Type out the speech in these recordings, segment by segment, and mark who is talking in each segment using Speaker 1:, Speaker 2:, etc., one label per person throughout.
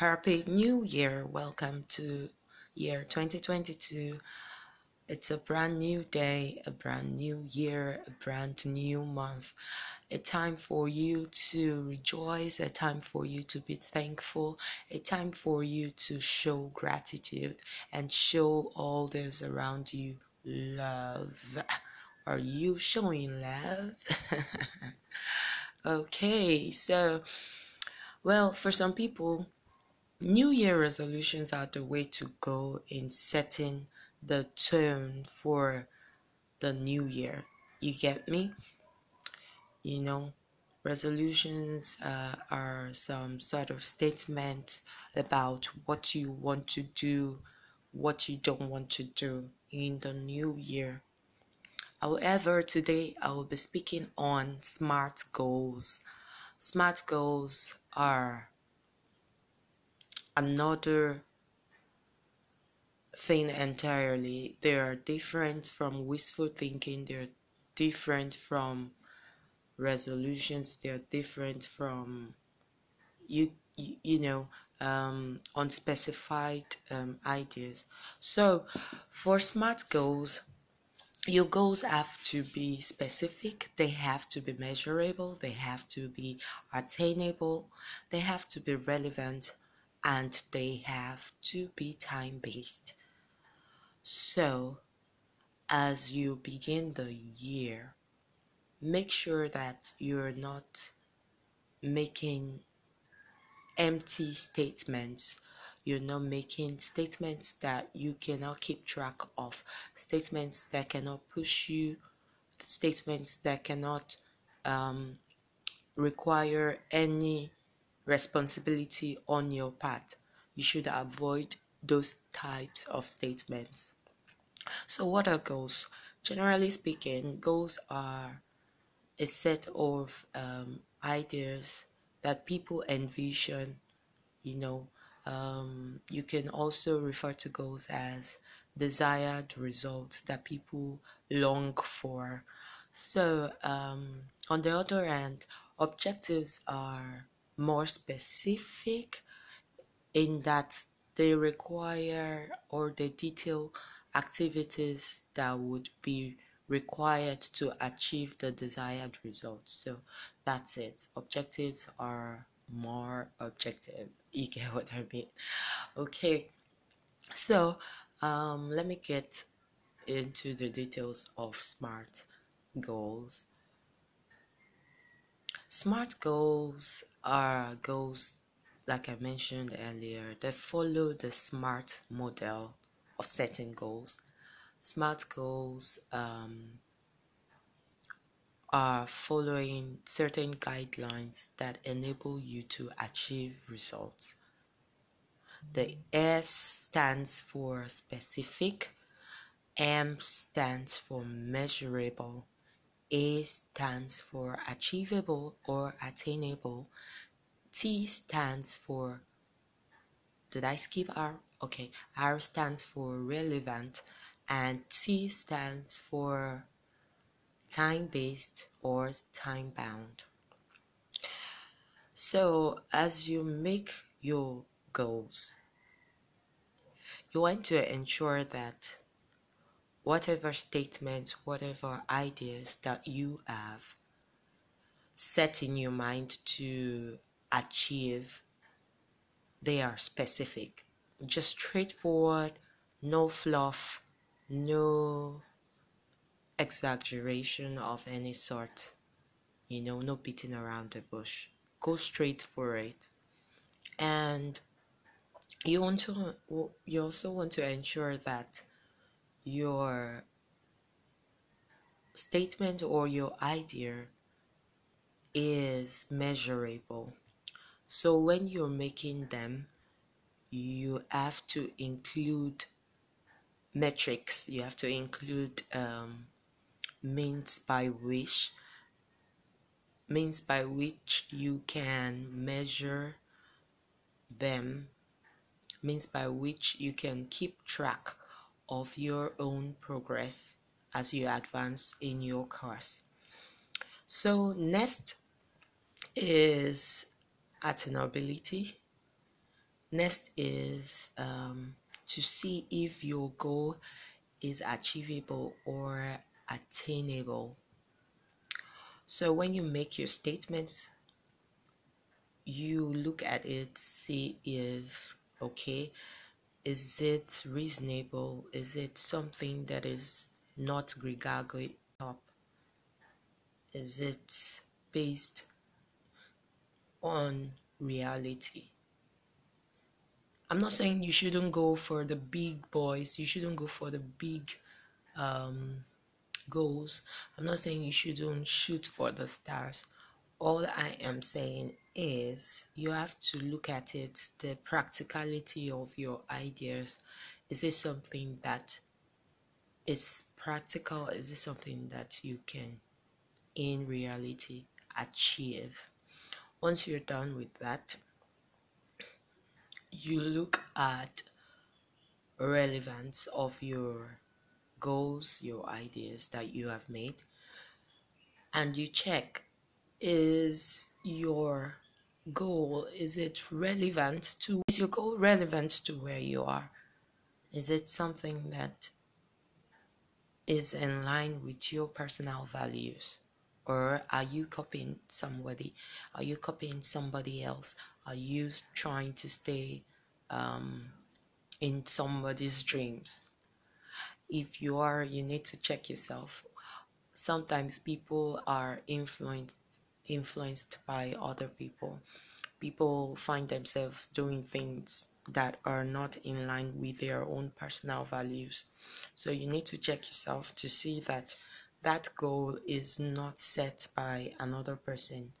Speaker 1: Happy New Year! Welcome to year 2022. It's a brand new day, a brand new year, a brand new month. A time for you to rejoice, a time for you to be thankful, a time for you to show gratitude and show all those around you love. Are you showing love? okay, so, well, for some people, New Year resolutions are the way to go in setting the tone for the new year. You get me? You know, resolutions uh, are some sort of statement about what you want to do, what you don't want to do in the new year. However, today I will be speaking on SMART goals. SMART goals are another thing entirely. They are different from wishful thinking, they are different from resolutions, they are different from you you, you know um, unspecified um, ideas. So for smart goals, your goals have to be specific, they have to be measurable, they have to be attainable, they have to be relevant and they have to be time based. So, as you begin the year, make sure that you're not making empty statements. You're not making statements that you cannot keep track of, statements that cannot push you, statements that cannot um, require any responsibility on your part. You should avoid those types of statements. So, what are goals? Generally speaking, goals are a set of um, ideas that people envision. You know, um, you can also refer to goals as desired results that people long for. So, um, on the other hand, objectives are more specific in that they require or they detail activities that would be required to achieve the desired results. So that's it. Objectives are more objective. You get what I mean? Okay. So um, let me get into the details of SMART goals SMART goals are goals, like I mentioned earlier, that follow the SMART model of setting goals. SMART goals um, are following certain guidelines that enable you to achieve results. The S stands for specific, M stands for measurable, a stands for achievable or attainable. T stands for did I skip R? Okay, R stands for relevant and T stands for time based or time bound. So, as you make your goals, you want to ensure that whatever statements, whatever ideas that you have set in your mind to achieve, they are specific. Just straightforward, no fluff, no exaggeration of any sort, you know, no beating around the bush. Go straight for it. And you want to you also want to ensure that your statement or your idea is measurable. So when you're making them, you have to include metrics, you have to include um, means by which means by which you can measure them means by which you can keep track of your own progress as you advance in your course. So, next is attainability. Next is um, to see if your goal is achievable or attainable. So, when you make your statements, you look at it, see if okay, is it reasonable, is it something that is not gregargo top? Is it based on reality? I'm not saying you shouldn't go for the big boys, you shouldn't go for the big um, goals. I'm not saying you shouldn't shoot for the stars, all I am saying is you have to look at it the practicality of your ideas. Is it something that is practical? Is it something that you can, in reality, achieve? Once you're done with that, you look at relevance of your goals, your ideas that you have made, and you check is your goal? Is it relevant to is your goal relevant to where you are? Is it something that is in line with your personal values? Or are you copying somebody? Are you copying somebody else? Are you trying to stay um, in somebody's dreams? If you are, you need to check yourself. Sometimes people are influenced influenced by other people. People find themselves doing things that are not in line with their own personal values. So you need to check yourself to see that that goal is not set by another person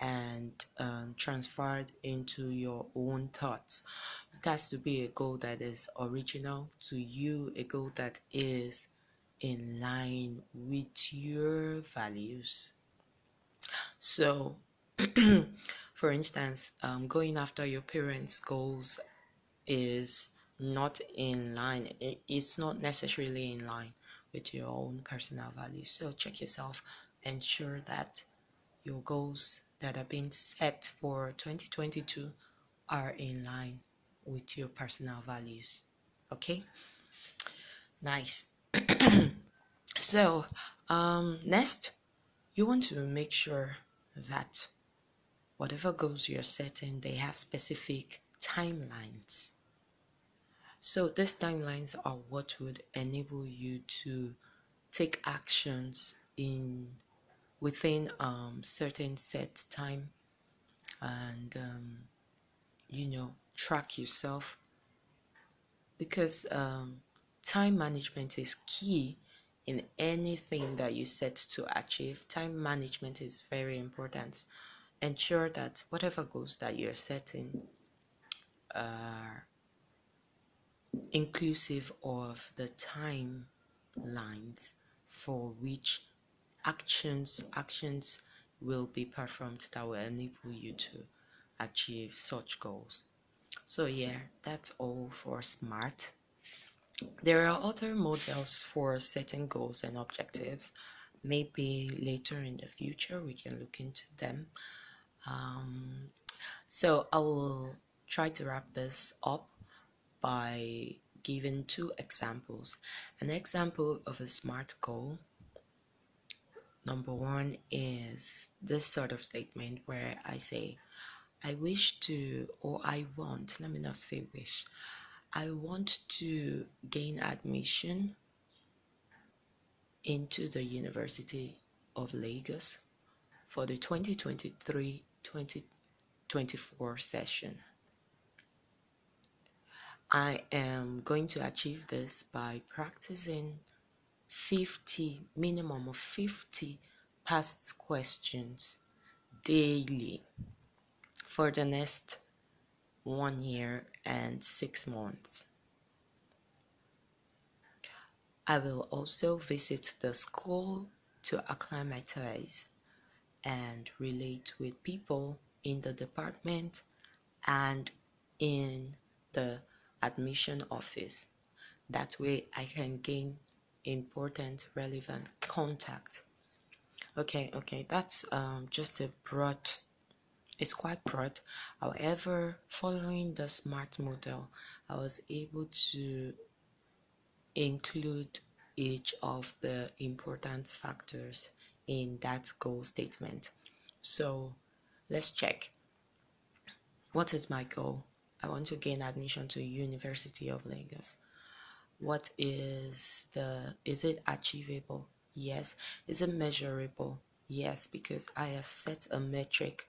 Speaker 1: and um, transferred into your own thoughts. It has to be a goal that is original to you, a goal that is in line with your values. So, for instance, um, going after your parents' goals is not in line, it's not necessarily in line with your own personal values. So, check yourself, ensure that your goals that are being set for 2022 are in line with your personal values. Okay, nice. so, um, next you want to make sure that whatever goals you're setting, they have specific timelines. So these timelines are what would enable you to take actions in within um, certain set time and um, you know track yourself because um, time management is key in anything that you set to achieve, time management is very important. Ensure that whatever goals that you're setting are inclusive of the time lines for which actions actions will be performed that will enable you to achieve such goals. So yeah, that's all for smart. There are other models for setting goals and objectives. Maybe later in the future we can look into them. Um, so I will try to wrap this up by giving two examples. An example of a SMART goal. Number one is this sort of statement where I say, I wish to, or I want, let me not say wish, I want to gain admission into the University of Lagos for the 2023 2024 session. I am going to achieve this by practicing 50 minimum of 50 past questions daily for the next one year and six months. I will also visit the school to acclimatize and relate with people in the department and in the admission office. That way, I can gain important, relevant contact. Okay, okay, that's um, just a broad is quite broad. However, following the SMART model, I was able to include each of the important factors in that goal statement. So let's check. What is my goal? I want to gain admission to University of Lagos. What is the is it achievable? Yes. Is it measurable? Yes, because I have set a metric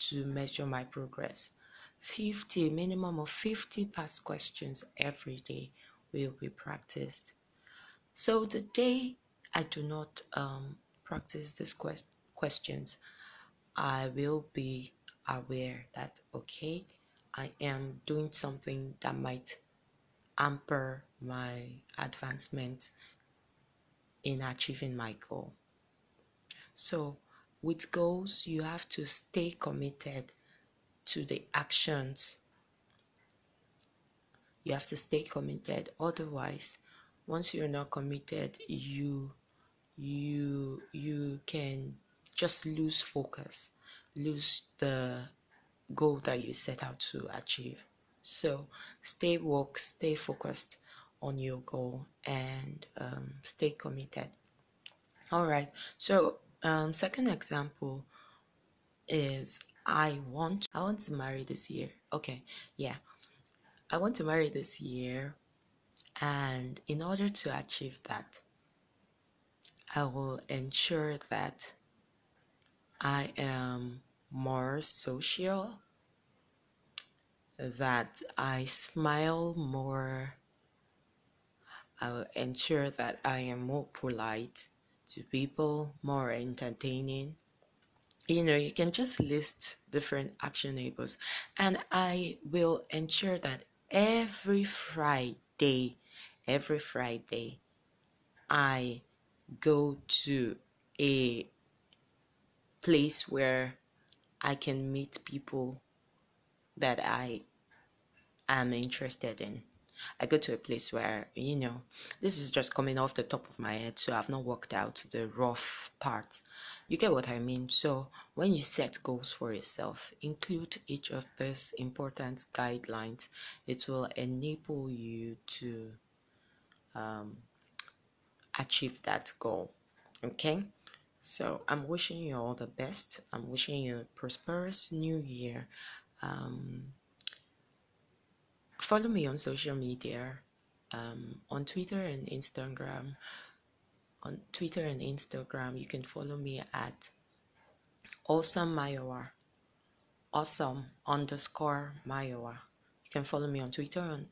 Speaker 1: to measure my progress. 50, minimum of 50 past questions every day will be practiced. So the day I do not um, practice these quest- questions, I will be aware that, okay, I am doing something that might hamper my advancement in achieving my goal. So with goals, you have to stay committed to the actions. You have to stay committed. Otherwise, once you're not committed, you you you can just lose focus, lose the goal that you set out to achieve. So stay woke, stay focused on your goal, and um, stay committed. All right. So um, second example is I want I want to marry this year. Okay, yeah. I want to marry this year and in order to achieve that I will ensure that I am more social that I smile more I will ensure that I am more polite to people, more entertaining. You know, you can just list different actionables. And I will ensure that every Friday, every Friday, I go to a place where I can meet people that I am interested in. I go to a place where, you know, this is just coming off the top of my head, so I've not worked out the rough part. You get what I mean? So, when you set goals for yourself, include each of these important guidelines. It will enable you to um, achieve that goal. Okay? So, I'm wishing you all the best. I'm wishing you a prosperous new year. Um, follow me on social media, um, on Twitter and Instagram. On Twitter and Instagram, you can follow me at awesome Mayowa, awesome underscore Mayowa. You can follow me on Twitter and,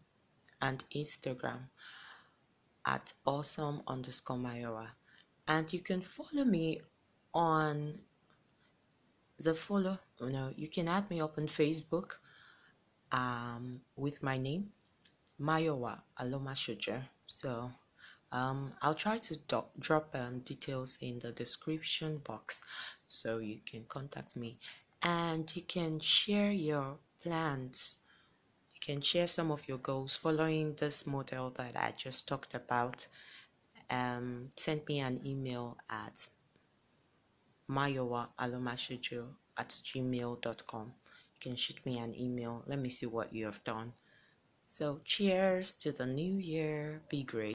Speaker 1: and Instagram at awesome underscore Mayowa. And you can follow me on the follow, you know, you can add me up on Facebook um, with my name, Mayowa Aloma Shuja. So um, I'll try to do- drop um, details in the description box so you can contact me and you can share your plans. You can share some of your goals following this model that I just talked about. Um, send me an email at mayowaalomasujo at gmail.com you can shoot me an email. Let me see what you have done. So, cheers to the new year. Be great.